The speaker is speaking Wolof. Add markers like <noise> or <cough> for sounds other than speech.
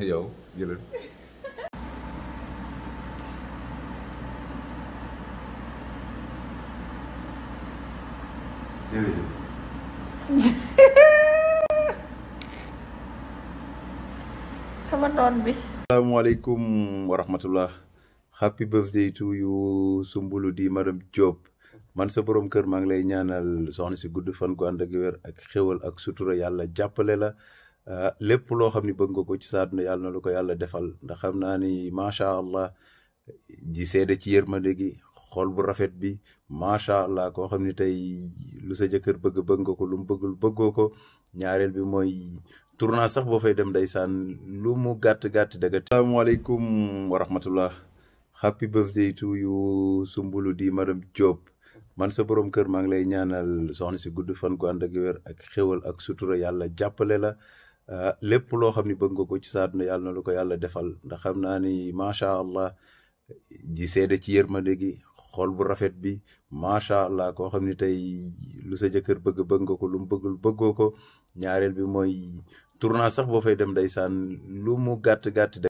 yow jëlal. <laughs> sama doon bi. asalaamaaleykum wa rahmatullah. happy birthday to you Soumboulou di madame Diop. man sa kër maa ngi lay ñaanal soxna si gudd fan gu ànd ak wér ak xéwal ak sutura yàlla jàppale la. Euh, lépp loo xam ni bëgg nga ko ci sa àdduna yàlla na la ko yàlla defal ndax xam naa ni macha allah ji seede ci ma gi xool bu rafet bi macha allah koo xam ni tey lu sa jëkkër bëgg bëgg nga ko lu mu bëggul bëggoo ko ñaareel bi mooy tournage sax boo fay dem ndeysaan lu mu gàtt gàtt daga. asalaamaaleykum wa rahmatullah happy birthday to you Soumboulou di madame Diop. man sa borom kër maa ngi lay ñaanal soxna si gudd fan gu ànd ak wér ak sutura yàlla jàppale la. Euh, lépp loo xam ni bëgg nga ko ci sa àdduna yàlla na lu ko yàlla defal ndax xam naa ni macha allah ji seede ci ma gi xool bu rafet bi macha allah koo xam ni tey lu sa jëkkër bëgg bëgg nga ko lu mu bëggul bëggoo ko ñaareel bi mooy tournage sax boo fay dem day san lu mu gàtt gàtt.